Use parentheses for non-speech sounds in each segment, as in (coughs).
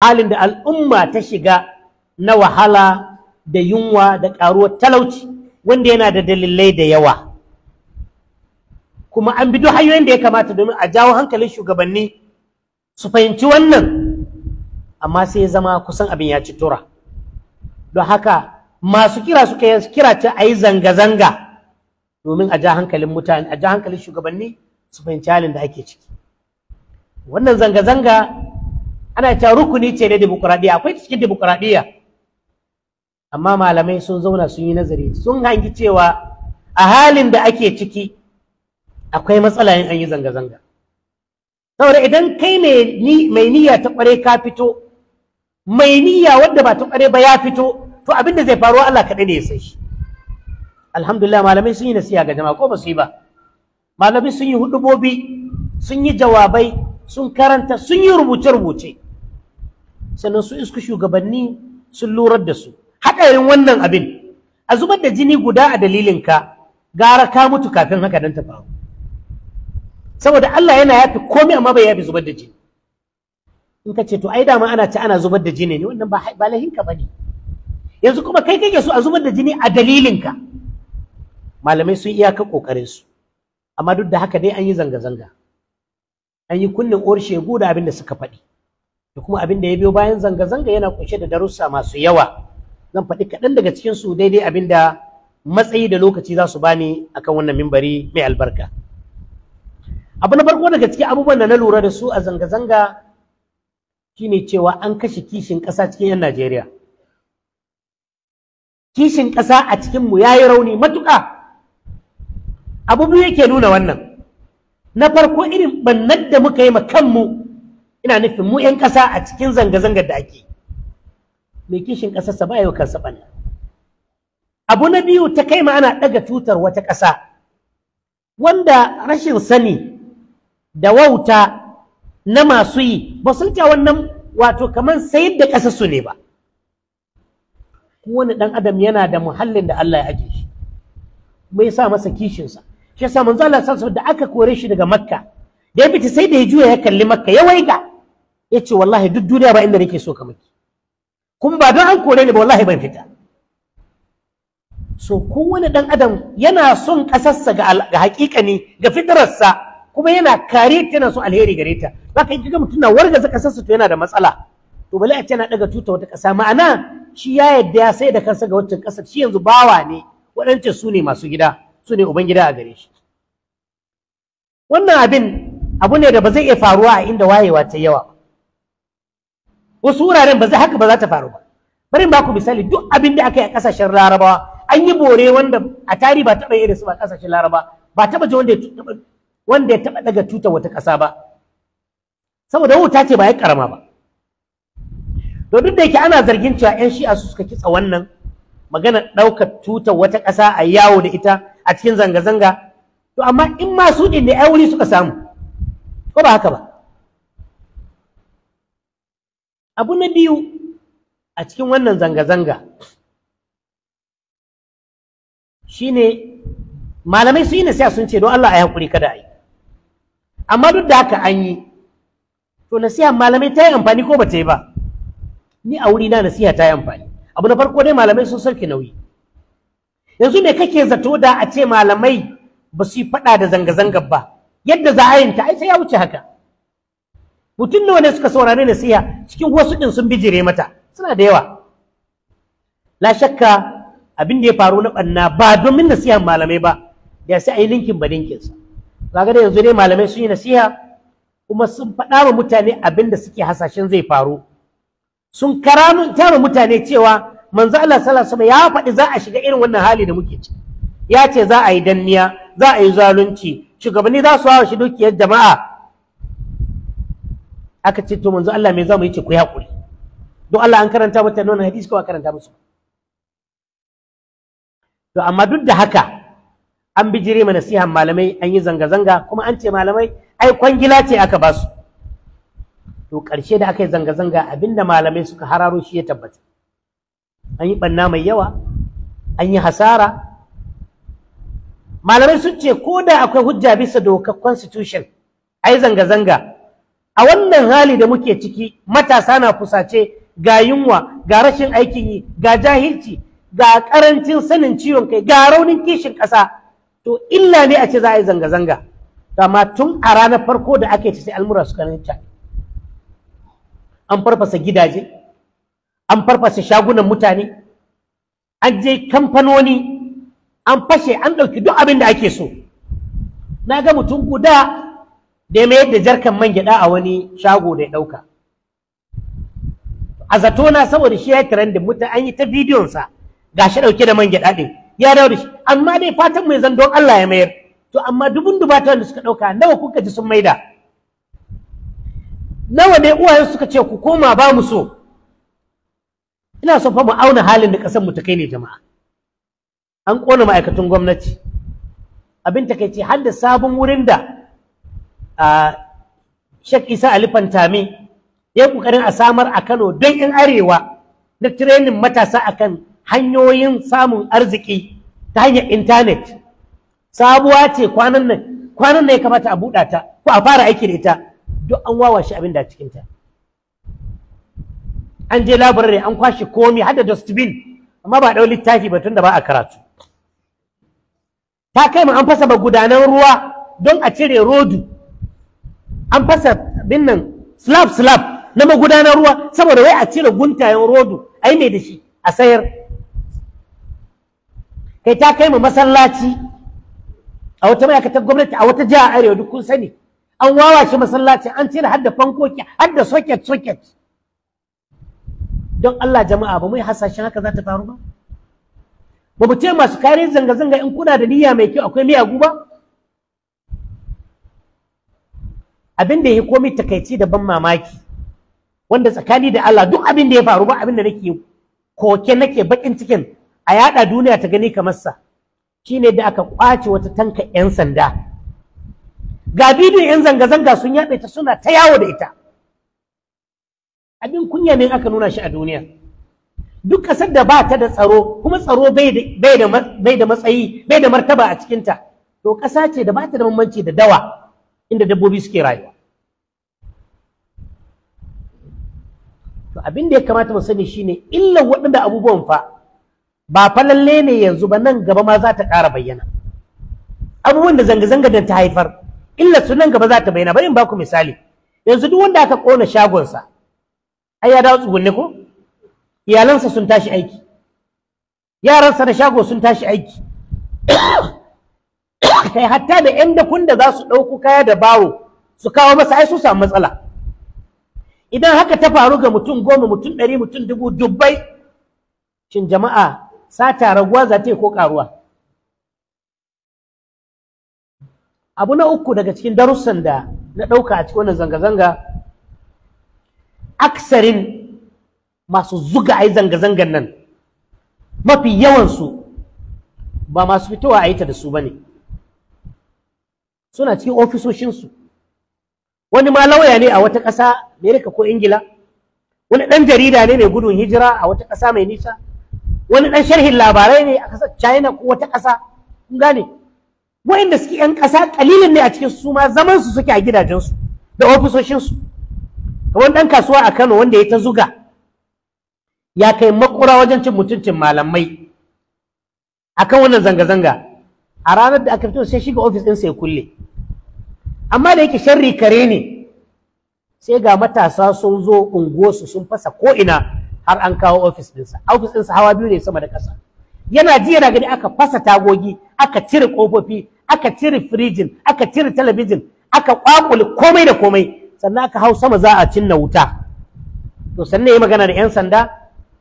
halin da al'umma ta shiga na wahala da yunwa da ƙaruwar talauci wanda yana da dalilai da yawa kuma an bi duk hanyoyin da ya kamata domin a jawo hankalin shugabanni su fahimci wannan amma sai ya zama kusan abin ya ci tura don haka masu kira suka yi kira ce a yi zanga-zanga domin a ja hankalin mutane a ja hankalin shugabanni su fahimci halin da ake ciki wannan zanga-zanga ana cewa rukuni ce na demokuraɗiyya akwai cikin demokuraɗiyya amma malamai sun zauna sun yi nazari sun hangi cewa a halin da ake ciki akwai matsala yin an yi zanga-zanga saboda idan kai mai niyya ta kware ka fito mai niyya wadda ba ta kware ba ya fito to abin da zai faruwa, Allah kaɗai ne ya sai shi alhamdulillah malamai sun yi nasiha ga jama'a ko ba su yi ba malamai sun yi hudubobi sun yi jawabai sun karanta sun yi rubuce-rubuce sannan su isku shugabanni sun lurar da su haɗarin wannan abin a zubar da jini guda a dalilinka gara ka mutu kafin haka nan ta faru saboda Allah yana yafi komai amma bai yafi zubar da jini in ka ce to ai dama ana ci ana zubar da jini ne wannan ba ba lahinka bane yanzu kuma kai kake su a zubar da jini a dalilinka malamai sun iyaka kokarin su amma duk da haka dai an yi zanga zanga an yi kunnen uwar guda abin da suka faɗi da kuma abin da ya biyo bayan zanga-zanga yana kunshe da darussa masu yawa zan faɗi kaɗan daga cikin su daidai abin da matsayi da lokaci za su bani akan wannan mimbari mai albarka abu na farko daga cikin abubuwan da na lura da su a zanga-zanga shine cewa an kashe kishin ƙasa cikin 'yan Najeriya kishin ƙasa a cikinmu ya yi rauni matuƙa abubuwa yake nuna wannan na farko irin bannar da muka yi ma kanmu ina nufin mu 'yan ƙasa a cikin zanga-zangar da ake mai kishin ƙasarsa ba yau kansa ɓanna abu na biyu ta kai ma ana ɗaga tutar wata ƙasa wanda rashin sani da wauta na masu yi ba sun ta wannan wato kamar sayar da ƙasarsu ne ba wani ɗan adam yana da muhallin da Allah ya ajiye shi mai sa masa kishinsa shi yasa manzo Allah sallallahu da aka kore shi daga Makka da ya fita sai da ya juya ya kalli Makka ya waiga ya ce wallahi duk duniya ba inda nake so ka miki kuma ba don an kore ni ba wallahi ban fita so kowane ɗan adam yana son kasarsa ga hakika ne ga fitararsa kuma yana kare ta yana so alheri gare ta za ka yi ga mutum na wargaza ƙasarsa to yana da matsala to bale a ce yana daga tuta wata kasa ma'ana shi ya yadda ya sai da kansa ga wancan ƙasar shi yanzu bawa ne waɗancan su ne masu gida su ne uban a gare shi wannan abin abu ne da ba zai iya faruwa a inda wayewa ta yawa ba wasu wuraren ba haka ba za ta faru ba bari ba ku misali duk abin da aka yi a kasashen larabawa an yi bore wanda a tari ba taɓa irin su ba kasashen laraba ba taɓa ji wanda ya taɓa daga tutar wata ƙasa ba saboda wuta ce ba ya ƙarama ba to duk da yake ana zargin cewa yan shi'a su suka kitsa wannan magana ɗaukar tutar wata ƙasa a yawo da ita a cikin zanga-zanga to amma in ma su ne ai wuri suka samu ko ba haka ba abu na biyu a cikin wannan zanga-zanga shine malamai su yi nasiha sun ce don Allah a haƙuri kada a yi amma duk da haka an yi to nasiha malamai ta yi amfani ko ba ta yi ba ni a wuri na nasiha ta yi amfani abu na farko dai malamai sun sarki nauyi yanzu me kake zato da a ce malamai ba su yi faɗa da zanga-zangar ba yadda za a yin ta ai sai ya wuce haka mutum nawa ne suka saurari nasiha cikin wasu din sun bijire mata suna da yawa la shakka abin da ya faru na banna ba domin nasiha malamai ba ya sai a yi linkin ba linkin sa kaga da yanzu dai malamai sun yi nasiha kuma sun faɗa wa mutane abin da suke hasashen zai faru sun karanta mutane cewa manzo Allah sallallahu alaihi ya faɗi za a shiga irin wannan hali da muke ci ya ce za a yi danniya za a yi zalunci shugabanni za su hawa shi dukiyar jama'a aka ce to manzo Allah me zamu yi ce ku hakuri don Allah an karanta mata nan hadisi ko karanta musu to amma duk da haka an bijire mana nasiha malamai an yi zanga zanga kuma an ce malamai ai kwangila ce aka ba su, to ƙarshe da aka yi zanga zanga abinda malamai suka hararo shi ya tabbata an yi banna mai yawa an yi hasara malamai sun ce ko da akwai hujja bisa dokar constitution ai zanga zanga a wannan hali da muke ciki matasa na fusace ga yunwa ga rashin aikin yi ga jahilci ga karancin sanin ciwon kai ga raunin kishin ƙasa to illa ne a ce za a yi zanga-zanga amma tun a ranar farko da ake ci sai almura suka can. an farfasa gidaje an farfasa shagunan mutane an je kamfanoni an fashe an ɗauki duk abin da ake so na ga mutum guda da mai da jarkan man gyada a wani shago da ya dauka a zato na saboda shi ya tiran da mutum, an yi ta bidiyon sa shi dauke da man gyada din ya dawo da shi amma dai fatan mai zan don Allah ya mayar to amma dubun dubata wanda suka dauka nawa kuka ji sun maida nawa ne uwayen suka ce ku koma ba mu so ina so fa mu auna halin da kasan mu ta kai ne jama'a an kona ma'aikatan gwamnati abin takaici har da sabon wurin da Sheikh Isa Ali Fantami ya yi kokarin a samar a Kano don in arewa na training matasa akan hanyoyin samun arziki ta hanyar intanet sabuwa ce kwanan nan kwanan nan ya kamata a buɗa ta ko a fara aiki da ita duk an shi abin da cikin ta an je labarare an kwashe komi har da dustbin amma ba ɗau littafi ba tun da ba a karatu ta kai mu an fasa magudanan ruwa don a cire rodu an fasa bin nan slab slab na magudanar ruwa saboda wai a cire guntayen rodo ai mai da shi a sayar kai ta kai mu masallaci a wata ma'aikatar gwamnati a wata jiha arewa duk kun sani an wawace masallaci an cire hadda fankoki hadda socket socket don Allah jama'a ba mu hasashen haka za ta faru ba ba mu ce masu kare zanga-zanga in kuna da niyya mai kyau akwai miyagu ba abin da ya komai takaici da ban mamaki wanda tsakani da Allah duk abin da ya faru ba abin da nake koke nake bakin cikin a yada duniya ta gani kamar sa shine da aka kwace wata tanka yan sanda ga bidiyon yan zanga zanga sun yaɗe ta suna ta yawo da ita abin kunya ne aka nuna shi a duniya duk kasar da ba ta da tsaro kuma tsaro bai da matsayi bai da martaba a cikin ta to ƙasa ce da ba ta da bambanci da dawa inda dabbobi suke rayuwa to abin da ya kamata mu sani shine illan waɗanda abubuwan fa ba fa lalle ne yanzu ba nan gaba ma za ta ƙara bayyana abubuwan da zanga-zanga da ta haifar illa su nan gaba za ta bayyana bari in baku misali yanzu duk wanda aka ƙona shagonsa ai ya dawo tsugunne ko iyalansa sun tashi aiki yaransa da shago sun tashi aiki (coughs) kai hatta da yan dakun da za su ɗauko kaya da bawo su kawo masa ai su samu matsala idan haka ta faru ga mutum goma mutum ɗari mutum dubu dubbai shin jama'a sata raguwa za ta yi ko karuwa abu na uku daga cikin darussan da na ɗauka a cikin wannan zanga-zanga aksarin masu zuga ai zanga-zangan nan mafi yawansu ba masu fitowa a yi ta da su ba ne suna cikin ofisoshinsu wani ma lauya ne a wata ƙasa Amerika ko Ingila wani ɗan jarida ne mai gudun hijira a wata ƙasa mai nisa wani ɗan sharhin labarai ne a ƙasar China ko wata ƙasa kun gane wa'inda suke 'yan ƙasa ƙalilin ne a cikin su ma zaman su suke a gidajensu da ofisoshinsu kamar ɗan kasuwa a Kano wanda ya ta zuga ya kai makura wajen cin mutuncin malamai akan wannan zanga-zanga a ranar da aka fito sai shiga ofis ɗinsa ya kulle amma da yake sharri kare ne sai ga matasa sun zo unguwarsu sun fasa ko'ina har an kawo ofis ɗinsa ofis ɗinsa hawa biyu ne sama da ƙasa yana ji yana gani aka fasa tagogi aka cire ƙofofi aka cire firijin aka cire talabijin aka ƙwaƙule komai da komai sannan aka hau sama za a cinna wuta to sannan ya magana da 'yan sanda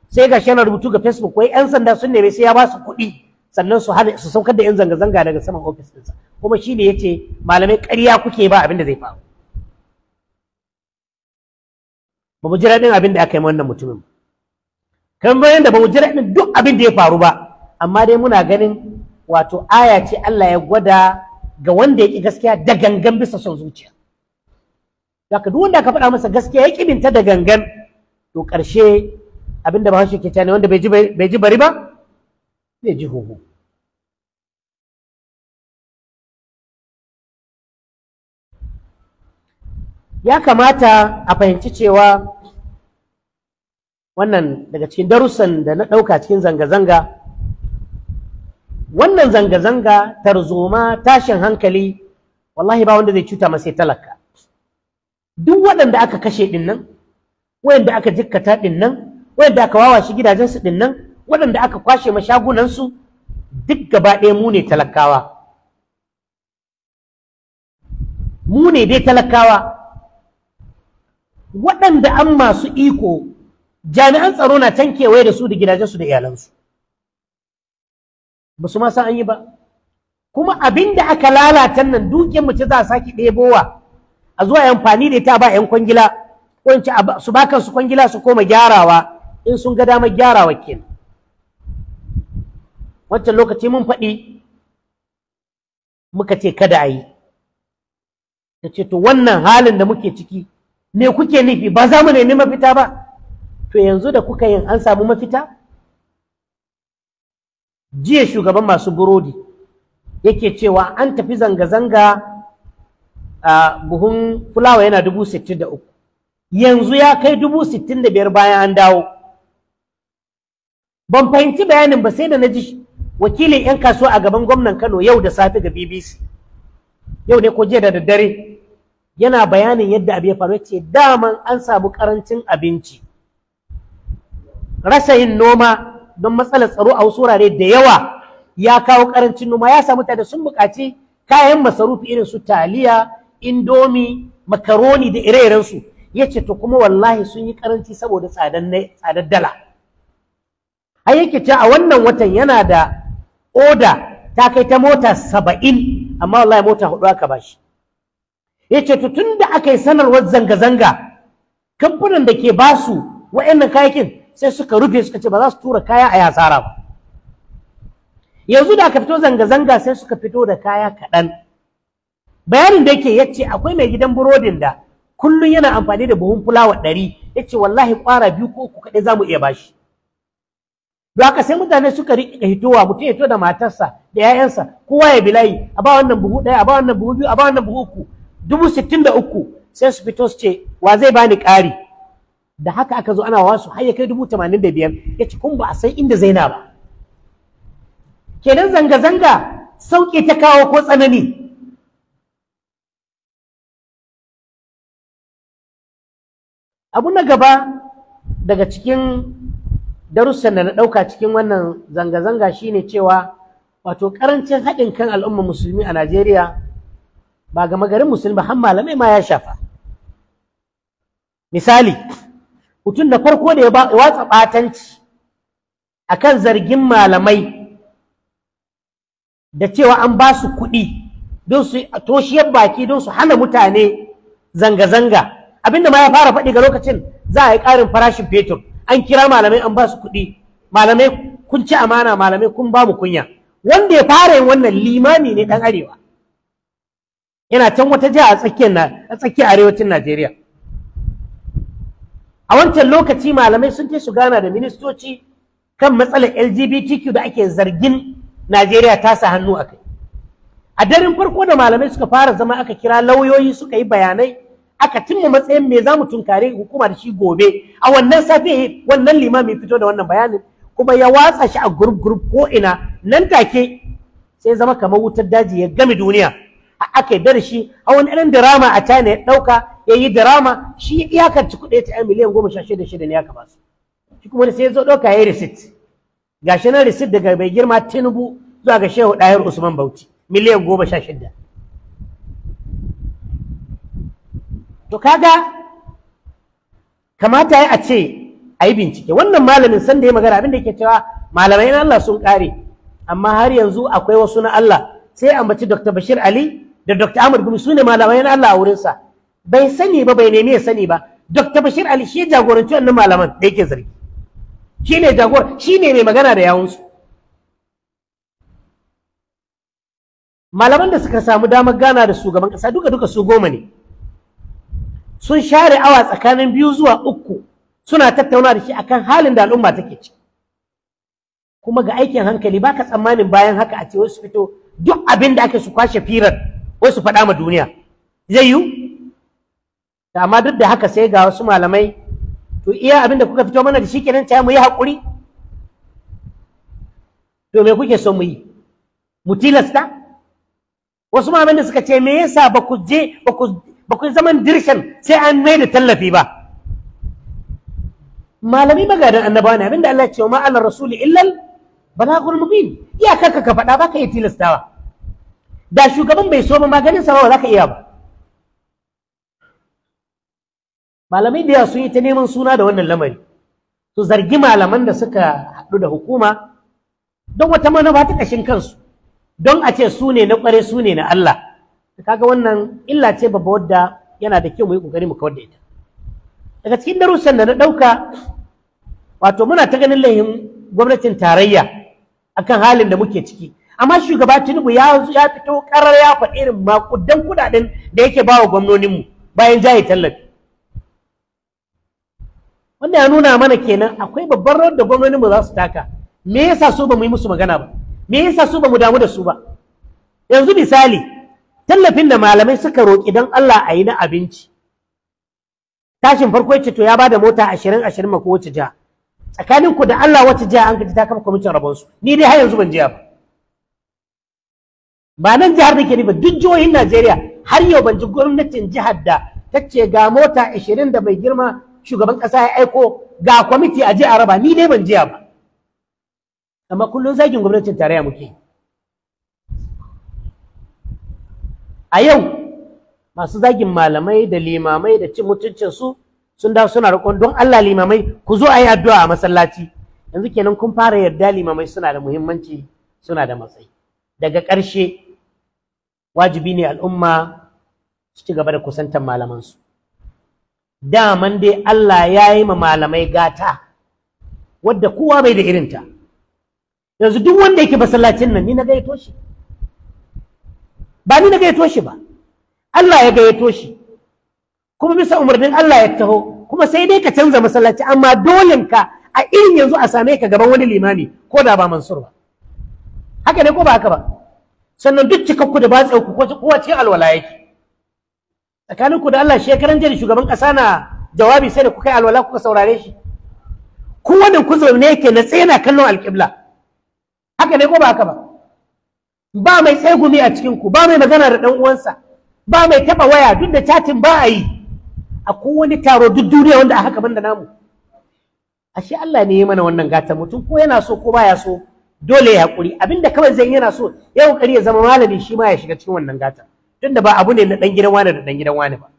sai ga shi yana rubutu ga facebook wai 'yan sanda sun nemi sai ya ba su kuɗi sannan su hana su saukar da yan zanga-zanga daga saman ofis dinsa kuma shi ne ya ce malamai karya kuke ba abin da zai faru ba mu ji abin da aka yi wannan mutumin kan bayan da ba mu ji duk abin da ya faru ba amma dai muna ganin wato aya ce Allah ya gwada ga wanda ya ƙi gaskiya da gangan bisa son zuciya zaka duk wanda aka faɗa masa gaskiya ya ƙibinta da gangan to ƙarshe abinda ba shi ke ne wanda bai ji bari ba zai ji huhu ya kamata a fahimci cewa wannan daga cikin darussan da na ɗauka cikin zanga-zanga wannan zanga-zanga tarzoma tashin hankali wallahi ba wanda zai cuta masai talaka duk waɗanda aka kashe ɗin nan waɗanda aka jikkata ɗin nan wayanda aka wawashi gidajensu ɗin nan waɗanda aka kwashe ma shagunansu duk gaba ɗaya mu ne talakawa mu ne dai talakawa waɗanda an masu iko jami'an tsaro na can kewaye da su da gidajensu da iyalansu ba su ma san an yi ba kuma abin da aka lalata nan dukiyar mace za a sake ɗebowa a zuwa amfani da ita ba 'yan kwangila ko su ba kansu kwangila su koma gyarawa in sun ga damar gyarawa kenan wancan lokaci mun faɗi muka ce kada a yi ta ce to wannan halin da muke ciki me kuke nufi ba za mu nemi mafita ba to yanzu da kuka yin an samu mafita jiya shugaban masu burodi yake cewa an tafi zanga-zanga a buhun fulawa yana dubu sittin da uku yanzu ya kai dubu sittin da biyar bayan an dawo ban fahimci bayanin ba sai da na ji wakilin 'yan kasuwa a gaban gwamnan Kano yau da safe ga BBC yau ne ko jiya da daddare yana bayanin yadda abu ya faru ya ce daman an samu karancin abinci rasa yin noma don matsalar tsaro a wasu wurare da yawa ya kawo karancin noma ya samu da sun buƙaci kayan masarufi irin su taliya indomi makaroni da ire-irensu ya ce to kuma wallahi sun yi karanci saboda tsadar dala a yake ce a wannan watan yana da oda ta kai ta mota saba'in amma wallahi mota hudu aka bashi ya ce to tun da aka yi sanarwar zanga-zanga kamfanin da ke basu wa'annan kayakin sai suka rufe suka ce ba za su tura kaya a yasara ba yanzu da aka fito zanga-zanga sai suka fito da kaya kaɗan bayanin da yake yace akwai mai gidan burodin da kullum yana amfani da buhun fulawa ɗari yace wallahi ƙwara biyu ko uku kaɗai za mu iya bashi haka sai mutane suka rika hitowa mutum ya da matarsa da 'ya'yansa kowa ya bilayi a ba wannan buhu ɗaya a ba wannan buhu biyu a ba wannan buhu uku dubu sittin da uku sai su fito su ce wa zai bani ƙari da haka aka zo ana wasu har ya kai dubu tamanin da biyar ya ce kun ba a san inda zaina ba kenan zanga-zanga sauƙi ta kawo ko tsanani abu na gaba daga cikin darussan da na ɗauka cikin wannan zanga-zanga shine cewa wato karancin haɗin kan al'umma musulmi a Najeriya ba ga magarin musulmi har malamai ma ya shafa misali mutum da farko da ya watsa ɓatanci akan zargin malamai da cewa an ba su kuɗi don su toshiyar baki don su hana mutane zanga-zanga abinda ma ya fara faɗi ga lokacin za a yi ƙarin farashin fetur an kira malamai an ba su kuɗi malamai kun ci amana malamai kun ba mu kunya wanda ya fara yin wannan limami ne dan arewa yana can wata jiha a tsakiyar a tsakiyar arewacin Najeriya a wancan lokaci malamai sun ce su gana da ministoci kan matsalar LGBTQ da ake zargin Najeriya ta sa hannu a kai a daren farko da malamai suka fara zama aka kira lauyoyi suka yi bayanai aka cimma matsayin me za mu tunkare hukuma shi gobe a wannan safe wannan limamin, fito da wannan bayanin kuma ya watsa shi a group group ko ina nan take sai zama kamar wutar daji ya gami duniya a aka yi shi a wani irin drama a China ya ɗauka ya yi drama shi iyakar ci kuɗi ta miliyan goma sha shida shida ne ya kama su shi kuma sai ya zo ɗauka ya yi receipt gashi nan receipt daga mai girma Tinubu zuwa ga Shehu Ɗahir Usman Bauchi miliyan goma sha shida to kaga kamata a ce a yi bincike wannan malamin sanda ya magana abin da yake cewa malamai na Allah sun kare amma har yanzu akwai wasu na Allah sai ambaci Dr. Bashir Ali da Dr. Ahmad Gumi su ne malamai na Allah a wurinsa bai sani ba bai nemi ya sani ba Dr. Bashir Ali shi jagoranci wannan malaman da yake zargi shi ne jagor shi ne mai magana da yawunsu malaman da suka samu damar gana da shugaban kasa duka duka su goma ne sun share awa tsakanin biyu zuwa uku suna tattauna da shi akan halin da al'umma take ci kuma ga aikin hankali baka tsammanin bayan haka a ce wasu fito duk abin da ake su kwashe firar wasu faɗa ma duniya zai yiwu amma duk da haka sai ga wasu malamai to iya abin da kuka fito mana da shi kenan ta mu yi haƙuri to me kuke so mu yi mu tilasta wasu ma da suka ce me yasa ba ku je ba ku ba ku zaman dirshan sai an mai da tallafi ba malami magadan annabawa ne abinda Allah ya ce ma alar rasuli illal balagul mubin ya kaka ka faɗa baka yi tilastawa da shugaban bai so ba maganin sa ba za ka iya ba malamai da sun yi ta neman suna da wannan lamari su zargi malaman da suka haɗu da hukuma don wata manufa ta ƙashin kansu don a ce su ne na ƙware su ne na Allah kaga wannan illa ce babba wadda yana da kyau mu yi kokari mu kawar da ita daga cikin darussan da na dauka wato muna ta ganin layin gwamnatin tarayya akan halin da muke ciki amma shugaba Tinubu ya ya fito karar ya faɗi irin makudan kudaden da yake bawa mu bayan jaye tallafi wanda ya nuna mana kenan akwai babban rawar da mu za su taka me yasa su ba mu yi musu magana ba me yasa su ba mu damu da su ba yanzu misali tallafin da malamai suka roƙi don Allah a yi na abinci tashin farko ya to ya ba da mota ashirin ashirin ma kowace jiha tsakanin ku da Allah wacce jiha an gaji ta kafa kwamitin rabonsu ni dai har yanzu ban jiya ba ba nan jihar da ke ni ba duk jihohin Najeriya har yau ban ji gwamnatin jihar da ta ce ga mota ashirin da mai girma shugaban ƙasa ya aiko ga kwamiti a je raba ni dai ban jiya ba amma kullum zagin gwamnatin tarayya muke a yau masu zagin malamai da limamai da cin mutuncin su sun dawo suna rikon don Allah limamai ku zo a yi addu'a a masallaci yanzu kenan kun fara yarda limamai suna da muhimmanci suna da matsayi daga ƙarshe wajibi ne al'umma su ci gaba da kusantar malamansu daman dai Allah ya yi ma malamai gata wadda kowa bai da irinta yanzu duk wanda yake masallacin nan ni na gaito shi ba ni na gayyato shi ba Allah ya gayyato shi kuma bisa umarnin Allah ya taho kuma sai dai ka canza masallaci amma ka a irin yanzu a same ka gaban wani limami ko da ba Mansur ba haka ne ko ba haka ba sannan duk cikakku da batsa ku kowa cikin alwala yake tsakanin ku da Allah shekaran jiya shugaban kasa na jawabi sai da kuka yi alwala kuka saurare shi kowanne ku zaune yake na tsaye na kallon alƙibla haka ne ko ba haka ba ba mai tsegumi a cikinku. ba mai magana da dan uwansa ba mai taba waya duk da catin ba a yi akwai wani taro duk duniya wanda a haka banda namu ashe Allah ne ya mana wannan gata mutum ko yana so ko baya so dole ya hakuri abinda kawai zai yana so ya kokari ya zama malami shi ma ya shiga cikin wannan gata da ba abu ne na dan gidan wani da dan gidan wani ba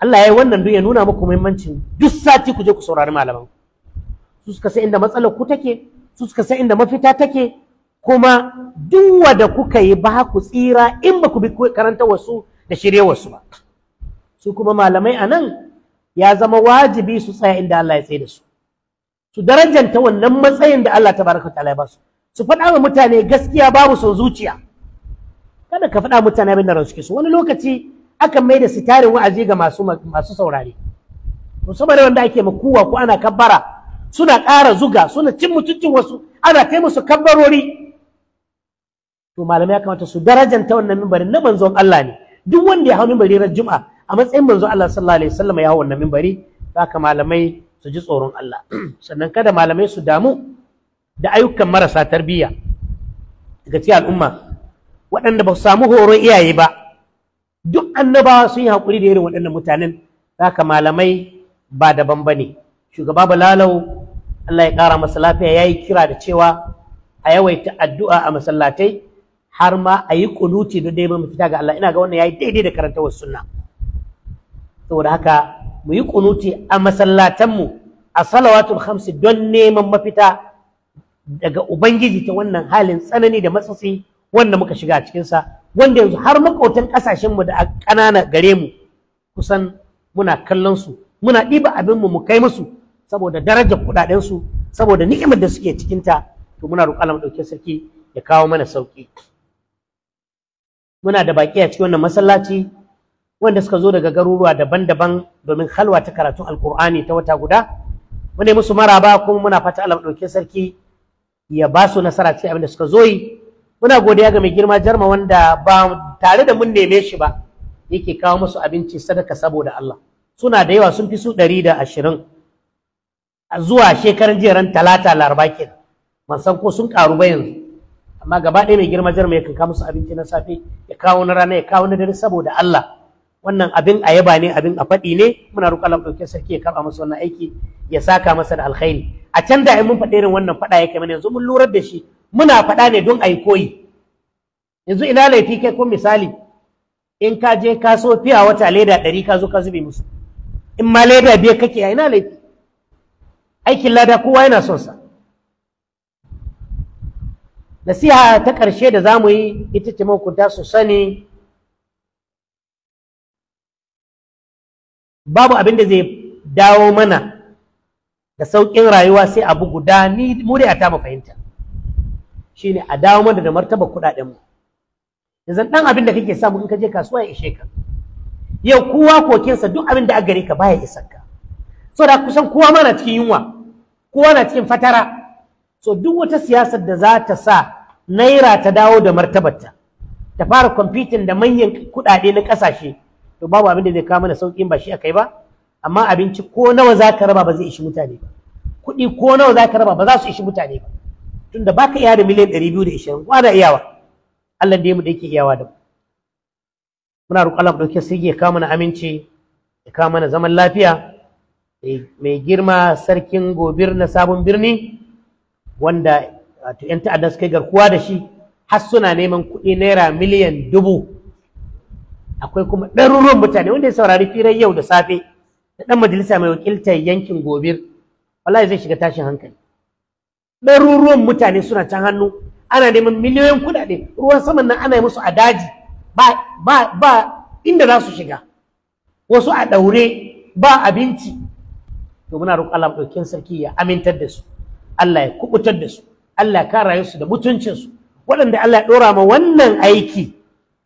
Allah ya yi wannan duk ya nuna muku muhimmancin duk sati ku je ku saurari malaman su suka sai inda matsalar ku take su suka san inda mafita take kuma duk wanda kuka yi ba ku tsira in ba ku bi karanta wasu da shirye wasu ba su kuma malamai anan ya zama wajibi su tsaya inda Allah ya tsaye da su su darajanta wannan matsayin da Allah tabaraka ta'ala ya ba su su faɗa wa mutane gaskiya babu son zuciya kada ka faɗa mutane abin da ran suke su. wani lokaci akan mai da sitarin wa'azi ga masu masu saurare musamman wanda ake makuwa ko ana kabbara suna ƙara zuga suna cin mutuncin wasu ana kai musu kabbarori to malamai ya kamata su darajanta wannan mimbarin na manzon Allah ne duk wanda ya hau mimbari ran juma'a a matsayin manzon Allah sallallahu alaihi wasallam ya hau wannan mimbari haka malamai su ji tsoron Allah (clears throat) sannan kada malamai su damu da ayyukan marasa tarbiyya daga cikin al'umma waɗanda ba su samu horon iyaye ba duk annabawa sun yi hakuri da irin waɗannan mutanen haka malamai ba daban bane shugaba balalau Allah ya ƙara masa lafiya ya yi kira da cewa a yawaita addu'a a masallatai har ma a yi kunuti da dai mafita ga Allah ina ga wannan ya yi daidai da karantawar sunna saboda haka mu yi kunuti a masallatanmu a salawatul hamsi don neman mafita daga ubangiji ta wannan halin tsanani da matsatsi wanda muka shiga a cikinsa wanda yanzu har makotan ƙasashenmu da a ƙanana gare mu kusan muna kallon su muna ɗiba mu mu kai musu saboda darajar kudaden su saboda ni'imar da suke cikin ta to muna roƙon Allah madaukakin sarki ya kawo mana sauki muna da baƙi a cikin wannan masallaci wanda suka zo daga garuruwa daban-daban domin halwa ta karatu alkur'ani ta wata guda muna musu maraba kuma muna fata Allah madaukakin sarki ya ba su nasara cikin abin da suka zo yi muna godiya ga mai girma jarma wanda ba tare da mun neme shi ba yake kawo musu abinci sadaka saboda Allah suna da yawa sun fi su ɗari da ashirin A zuwa shekaran jiya ran talata laraba ke ban san ko sun karu ba yanzu amma gaba ɗaya mai girma jarma yakan kawo musu abinci na safe ya kawo na rana ya kawo na dare saboda Allah wannan abin a yaba ne abin a faɗi ne muna roƙon Allah ɗauke sarki ya karɓa masa wannan aiki ya saka masa da alkhairi a can da mun faɗa irin wannan faɗa ya mana yanzu mun lura da shi muna faɗa ne don a yi koyi yanzu ina laifi kai ko misali in ka je ka so fiya wata leda ɗari ka zo ka zube musu in ma leda biyar kake a ina laifi aikin lada kowa yana son sa nasiha ta ƙarshe da za mu yi ita ce mahukunta su sani babu abin da zai dawo mana da sauƙin rayuwa sai abu guda ni mu dai a ta fahimta shine a dawo mana da martaba kuɗaɗen mu yanzu ɗan abin da kake samu in ka je kasuwa ya ishe ka yau kowa kokinsa duk abin da aka gare ka baya isar ka saboda kusan kowa mana cikin yunwa Kuwa na cikin fatara so duk wata siyasar da za ta sa naira ta dawo da martabarta ta fara kwamfitin da manyan kuɗaɗe na ƙasashe to babu abin da zai kawo mana sauƙin ba shi akai ba amma abinci ko nawa za ka raba ba zai ishi mutane ba kuɗi ko nawa za ka raba ba za su ishi mutane ba Tun ba ka iya da miliyan ɗari biyu da ishirin ko ana iyawa Allah da ya mu da yake iyawa da mu muna roƙon Allah ɗauke sirri ya kawo mana aminci ya kawo mana zaman lafiya Eh, mai girma sarkin gobir na sabon birni wanda wato 'yan ta'adda suka yi garkuwa da shi har suna neman kuɗi naira miliyan dubu akwai kuma ɗaruruwan mutane wanda ya saurari firar yau da safe da ɗan majalisa mai wakilta yankin gobir wallahi zai shiga tashin hankali ɗaruruwan mutane suna can hannu ana neman miliyoyin kuɗaɗe ruwan saman nan ana yi musu a daji ba inda za su shiga wasu a ɗaure ba abinci to muna roƙon Allah madaukakin sarki ya amintar da su Allah ya kubutar da su Allah ya kare su da mutuncin su waɗanda Allah ya ɗora ma wannan aiki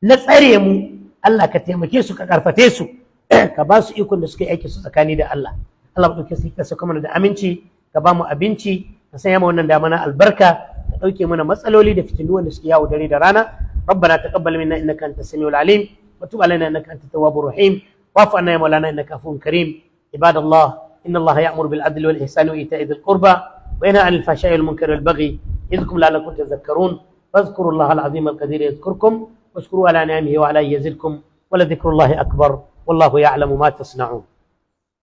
na tsare mu Allah ka taimake su ka karfate su (clears throat) ka ba su ikon da suka yi aiki su tsakani da Allah Allah madaukakin sarki ka saka mana da aminci ka ba mu abinci ka sanya mu wannan dama na albarka Ka ɗauke mana matsaloli da fitilu wanda suke yawo dare da rana rabbana taqabbal minna innaka antas samiul alim wa tub alaina innaka antat tawwabur rahim wa anna ya maulana innaka afuwun karim ibadallah إن الله يأمر بالعدل والإحسان وإيتاء ذي القربى وينهى عن الفحشاء والمنكر والبغي يذكركم لعلكم تذكرون فاذكروا الله العظيم القدير يذكركم واشكروا على نعمه وعلى يزدكم ولذكر الله أكبر والله يعلم ما تصنعون